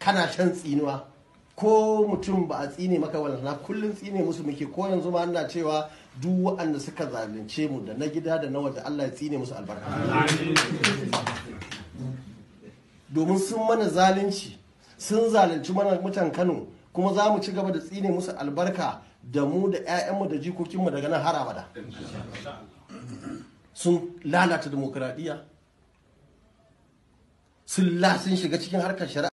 kana shan tsinuwa ko mutum ba a tsine maka walana kullum tsine musu muke ko yanzu ma ina cewa duk waɗanda suka zalunce mu da na gida da na waje Allah ya tsine musu albarka domin sun mana zalunci sun zalunci mana mutan Kano kuma za mu ci gaba da tsine musu albarka da mu da 'ya'yanmu da jikokinmu daga nan har abada sun lalata demokradiyya sun shiga cikin harkar shari'a